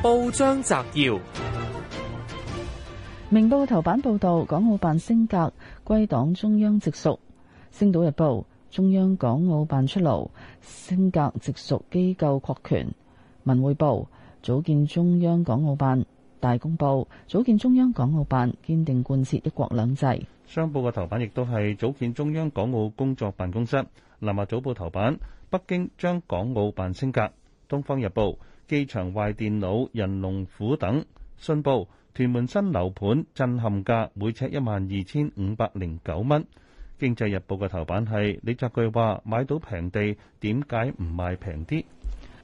報章摘要：明報頭版報道，港澳辦升格歸黨中央直屬。星島日報：中央港澳辦出爐，升格直屬機構擴權。文匯報：組建中央港澳辦。大公報：組建中央港澳辦，堅定貫徹一國兩制。商報嘅頭版亦都係組建中央港澳工作辦公室。南華早報頭版：北京將港澳辦升格。東方日報。機場壞電腦，人龍苦等。信報：屯門新樓盤震撼價每尺一萬二千五百零九蚊。經濟日報嘅頭版係李澤钜話：買到平地，點解唔賣平啲？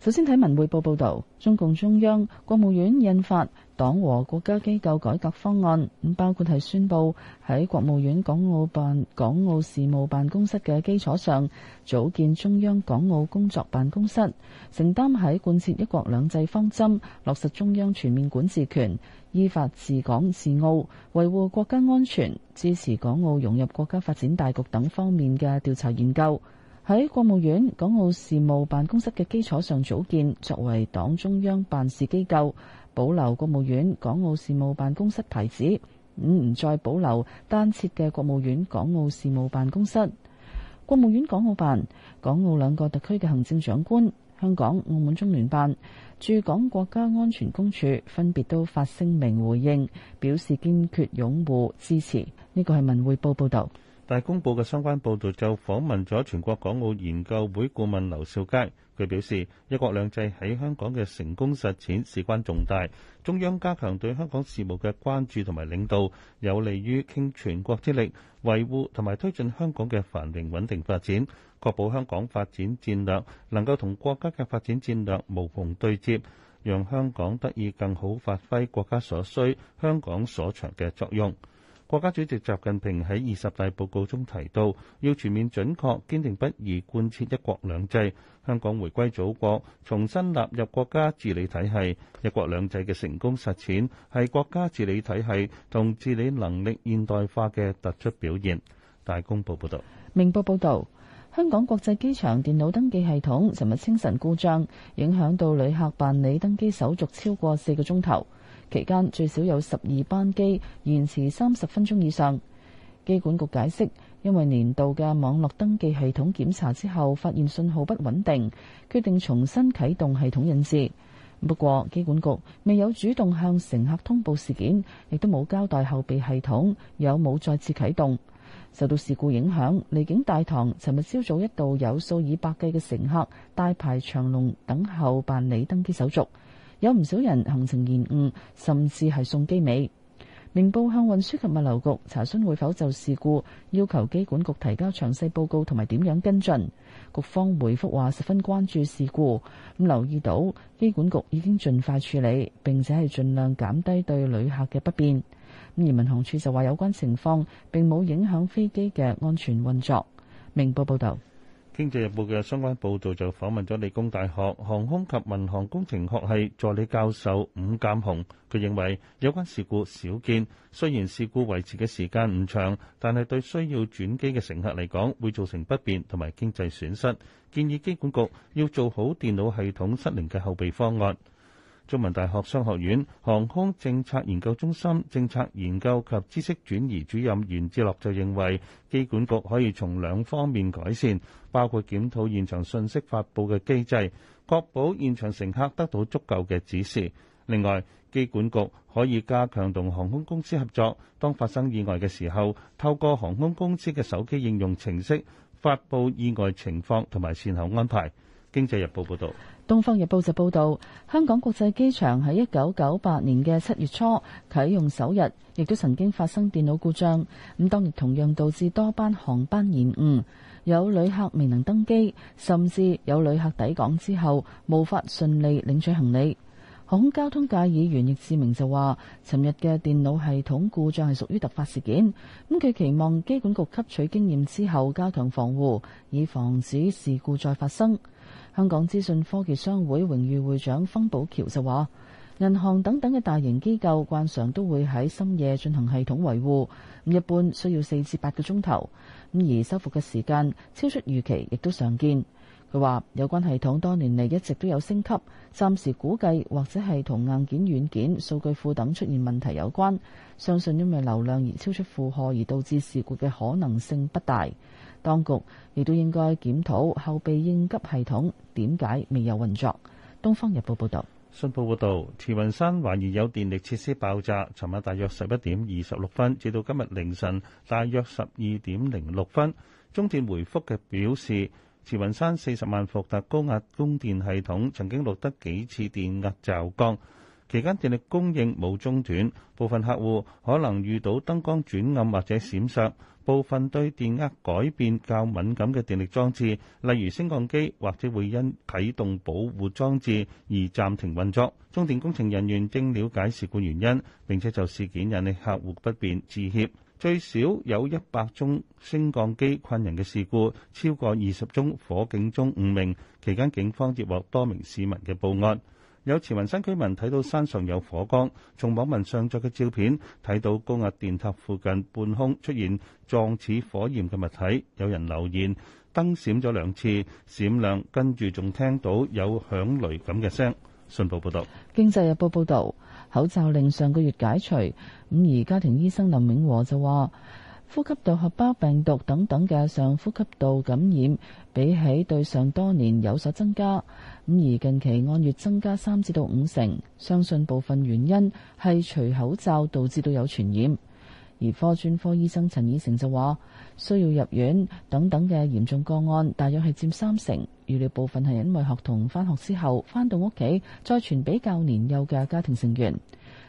首先睇文匯報報道，中共中央、國務院印發《黨和國家機構改革方案》，咁包括係宣布喺國務院港澳辦、港澳事務辦公室嘅基礎上，組建中央港澳工作辦公室，承擔喺貫徹一國兩制方針、落實中央全面管治權、依法治港治澳、維護國家安全、支持港澳融入國家發展大局等方面嘅調查研究。喺國務院港澳事務辦公室嘅基礎上組建，作為黨中央辦事機構，保留國務院港澳事務辦公室牌子，唔、嗯、再保留單設嘅國務院港澳事務辦公室。國務院港澳辦、港澳兩個特區嘅行政長官、香港、澳門中聯辦、駐港國家安全公署分別都發聲明回應，表示堅決擁護支持。呢個係文匯報報道。大公報嘅相關報導就訪問咗全國港澳研究會顧問劉兆佳，佢表示一國兩制喺香港嘅成功實踐事關重大，中央加強對香港事務嘅關注同埋領導，有利於傾全國之力維護同埋推進香港嘅繁榮穩定發展，確保香港發展戰略能夠同國家嘅發展戰略無縫對接，讓香港得以更好發揮國家所需、香港所長嘅作用。國家主席習近平喺二十大報告中提到，要全面準確、堅定不移貫徹一國兩制。香港回歸祖國，重新納入國家治理體系，一國兩制嘅成功實踐係國家治理體系同治理能力現代化嘅突出表現。大公報報道：「明報報道，香港國際機場電腦登記系統尋日清晨故障，影響到旅客辦理登機手續超過四個鐘頭。」期間最少有十二班機延遲三十分鐘以上。機管局解釋，因為年度嘅網絡登記系統檢查之後，發現信號不穩定，決定重新啟動系統引致。不過，機管局未有主動向乘客通報事件，亦都冇交代後備系統有冇再次啟動。受到事故影響，離境大堂尋日朝早一度有數以百計嘅乘客大排長龍等候辦理登機手續。有唔少人行程延誤，甚至係送機尾。明報向運輸及物流局查詢會否就事故要求機管局提交詳細報告同埋點樣跟進。局方回覆話十分關注事故，咁留意到機管局已經盡快處理，並且係盡量減低對旅客嘅不便。咁而民航處就話有關情況並冇影響飛機嘅安全運作。明報報道。經濟日報嘅相關報導就訪問咗理工大學航空及民航工程學系助理教授伍鑑雄，佢認為有關事故少見，雖然事故維持嘅時間唔長，但係對需要轉機嘅乘客嚟講會造成不便同埋經濟損失，建議機管局要做好電腦系統失靈嘅後備方案。中文大學商學院航空政策研究中心政策研究及知識轉移主任袁志樂就認為，機管局可以從兩方面改善，包括檢討現場信息發布嘅機制，確保現場乘客得到足夠嘅指示。另外，機管局可以加強同航空公司合作，當發生意外嘅時候，透過航空公司嘅手機應用程式發布意外情況同埋善後安排。經濟日報報導。《東方日報》就報導，香港國際機場喺一九九八年嘅七月初啟用首日，亦都曾經發生電腦故障，咁當日同樣導致多班航班延誤，有旅客未能登機，甚至有旅客抵港之後無法順利領取行李。航空交通界議員易志明就話，尋日嘅電腦系統故障係屬於突發事件，咁佢期望機管局吸取經驗之後加強防護，以防止事故再發生。香港資訊科技商會榮譽會長方保僑就話，銀行等等嘅大型機構慣常都會喺深夜進行系統維護，一般需要四至八個鐘頭，咁而修復嘅時間超出預期亦都常見。佢話有關系統多年嚟一直都有升級，暫時估計或者係同硬件、軟件、數據庫等出現問題有關，相信因為流量而超出負荷而導致事故嘅可能性不大。當局亦都應該檢討後備應急系統點解未有運作。《東方日報》報道，信報報道，慈雲山懷疑有電力設施爆炸。尋日大約十一點二十六分，至到今日凌晨大約十二點零六分，中電回覆嘅表示。慈雲山四十萬伏特高壓供電系統曾經錄得幾次電壓驟降，期間電力供應冇中斷，部分客戶可能遇到燈光轉暗或者閃爍，部分對電壓改變較敏感嘅電力裝置，例如升降機，或者會因啟動保護裝置而暫停運作。中電工程人員正了解事故原因，並且就事件引致客戶不便致歉。自最少有一百宗升降機困人嘅事故，超過二十宗火警中五名。期間警方接獲多名市民嘅報案，有慈雲山居民睇到山上有火光，從網民上載嘅照片睇到高壓電塔附近半空出現狀似火焰嘅物體。有人留言燈閃咗兩次，閃亮，跟住仲聽到有響雷咁嘅聲。信報報導，經濟日報報道。口罩令上個月解除，咁而家庭醫生林永和就話：呼吸道合胞病毒等等嘅上呼吸道感染，比起對上多年有所增加，咁而近期按月增加三至到五成，相信部分原因係除口罩導致都有傳染。兒科專科醫生陳以誠就話，需要入院等等嘅嚴重個案，大約係占三成。預料部分係因為學童翻學之後翻到屋企，再傳比較年幼嘅家庭成員。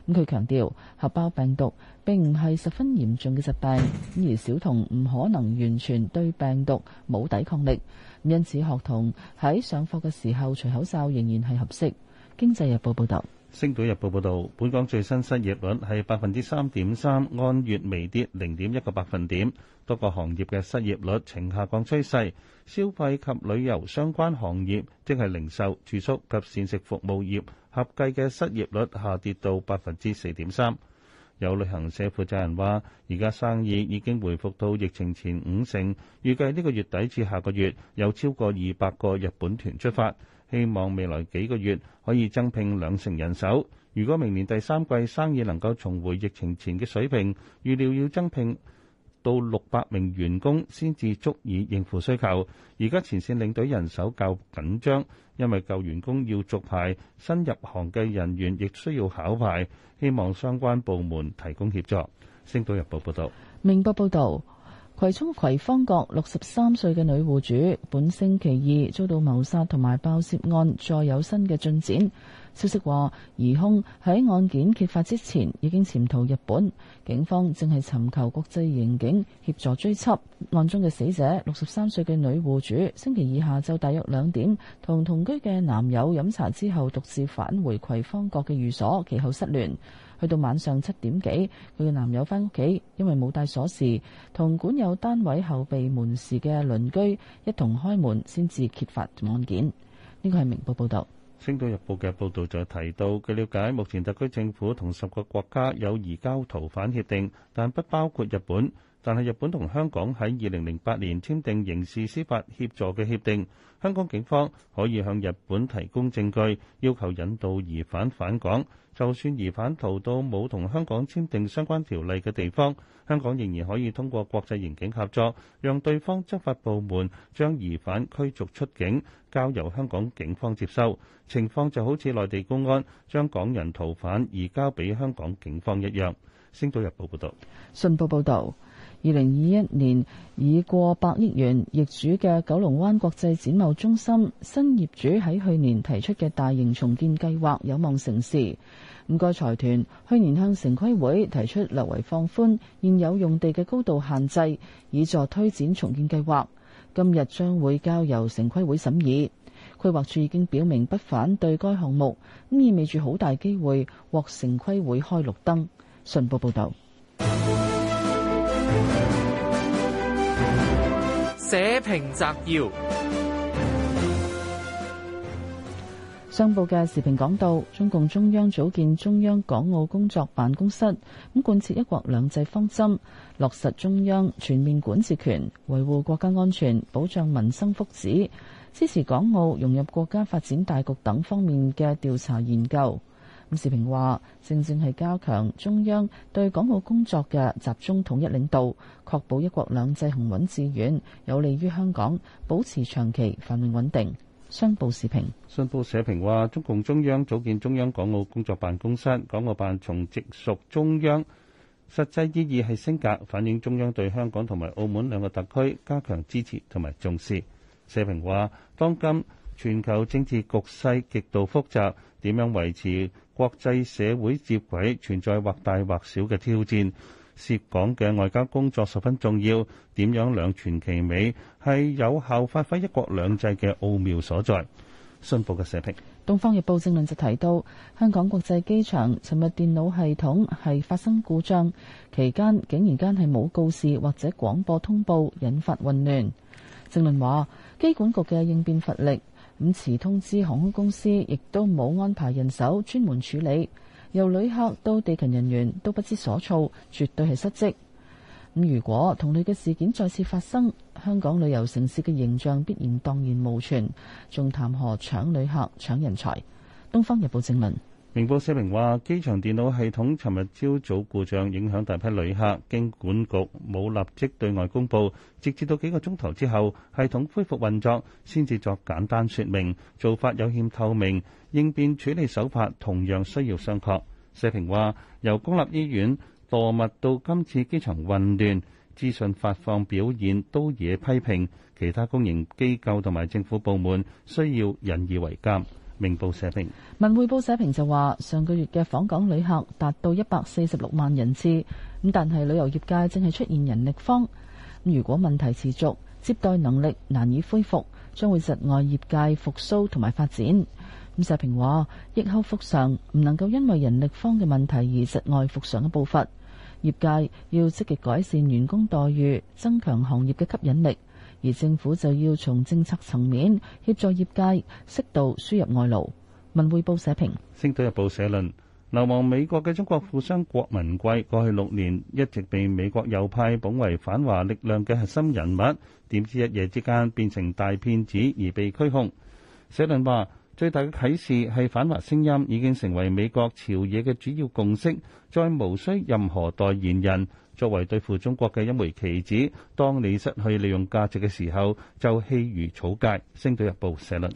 咁佢強調，合胞病毒並唔係十分嚴重嘅疾病，因而小童唔可能完全對病毒冇抵抗力。因此學童喺上課嘅時候除口罩仍然係合適。經濟日報報道。星島日報報導，本港最新失業率係百分之三點三，按月微跌零點一個百分點。多個行業嘅失業率呈下降趨勢，消費及旅遊相關行業，即係零售、住宿及膳食服務業，合計嘅失業率下跌到百分之四點三。有旅行社負責人話，而家生意已經回復到疫情前五成，預計呢個月底至下個月有超過二百個日本團出發。希望未來幾個月可以增聘兩成人手。如果明年第三季生意能夠重回疫情前嘅水平，預料要增聘到六百名員工先至足以應付需求。而家前線領隊人手較緊張，因為舊員工要續牌，新入行嘅人員亦需要考牌。希望相關部門提供協助。星島日報報道。明報報道。葵涌葵芳閣六十三歲嘅女戶主，本星期二遭到謀殺同埋爆竊案，再有新嘅進展。消息話，疑凶喺案件揭發之前已經潛逃日本，警方正係尋求國際刑警協助追緝。案中嘅死者六十三歲嘅女戶主，星期二下晝大約兩點，同同居嘅男友飲茶之後，獨自返回葵芳閣嘅寓所，其後失聯。去到晚上七點幾，佢嘅男友返屋企，因為冇帶鎖匙，同管有單位後備門匙嘅鄰居一同開門，先至揭發案件。呢個係明報報道。星島日報嘅報導就提到，據了解，目前特區政府同十個國家有移交逃犯協定，但不包括日本。但係，日本同香港喺二零零八年簽訂刑事司法協助嘅協定，香港警方可以向日本提供證據，要求引渡疑犯返港。就算疑犯逃到冇同香港簽訂相關條例嘅地方，香港仍然可以通過國際刑警合作，讓對方執法部門將疑犯驅逐出境，交由香港警方接收。情況就好似內地公安將港人逃犯移交俾香港警方一樣。星島日報報道。信報報導。二零二一年已過百億元易主嘅九龍灣國際展貿中心新業主喺去年提出嘅大型重建計劃有望成事。唔該財團去年向城規會提出略為放寬現有用地嘅高度限制，以助推展重建計劃，今日將會交由城規會審議。規劃處已經表明不反對該項目，意味住好大機會獲城規會開綠燈。信報報道。報章摘要，商報嘅視頻講到，中共中央組建中央港澳工作辦公室，咁貫徹一國兩制方針，落實中央全面管治權，維護國家安全，保障民生福祉，支持港澳融入國家發展大局等方面嘅調查研究。咁社評話，正正係加強中央對港澳工作嘅集中統一領導，確保一國兩制行穩致遠，有利於香港保持長期繁榮穩定。商報社評，商報社評話，中共中央組建中央港澳工作辦公室，港澳辦從直屬中央，實際意義係升格，反映中央對香港同埋澳門兩個特區加強支持同埋重視。社評話，當今全球政治局勢極度複雜，點樣維持，國際社會接軌，存在或大或小嘅挑戰,涉港嘅外交工作十分重要點樣兩全其美,係有效發揮一國兩制嘅奧妙所在,信報嘅咁遲通知航空公司，亦都冇安排人手專門處理，由旅客到地勤人員都不知所措，絕對係失職。咁如果同類嘅事件再次發生，香港旅遊城市嘅形象必然蕩然無存，仲談何搶旅客、搶人才？《東方日報》正論。明報社評話，機場電腦系統尋日朝早故障，影響大批旅客，機管局冇立即對外公布，直至到幾個鐘頭之後，系統恢復運作，先至作簡單説明，做法有欠透明，應變處理手法同樣需要商榷。社評話，由公立醫院墮物到今次機場混亂，資訊發放表現都惹批評，其他公營機構同埋政府部門需要引以為鑑。明報社評，文匯報社評就話上個月嘅訪港旅客達到一百四十六萬人次，咁但係旅遊業界正係出現人力荒。如果問題持續，接待能力難以恢復，將會窒礙業界復蘇同埋發展。咁社評話疫後復常唔能夠因為人力荒嘅問題而窒礙復常嘅步伐。業界要積極改善員工待遇，增強行業嘅吸引力。而政府就要從政策層面協助業界適度輸入外勞。文匯報社評，《星島日報》社論：流亡美國嘅中國富商郭文貴，過去六年一直被美國右派捧為反華力量嘅核心人物，點知一夜之間變成大騙子而被拘控。社論話。最大嘅啟示係反華聲音已經成為美國朝野嘅主要共識，再無需任何代言人作為對付中國嘅一枚棋子。當你失去利用價值嘅時候，就棄如草芥。星島日報社論。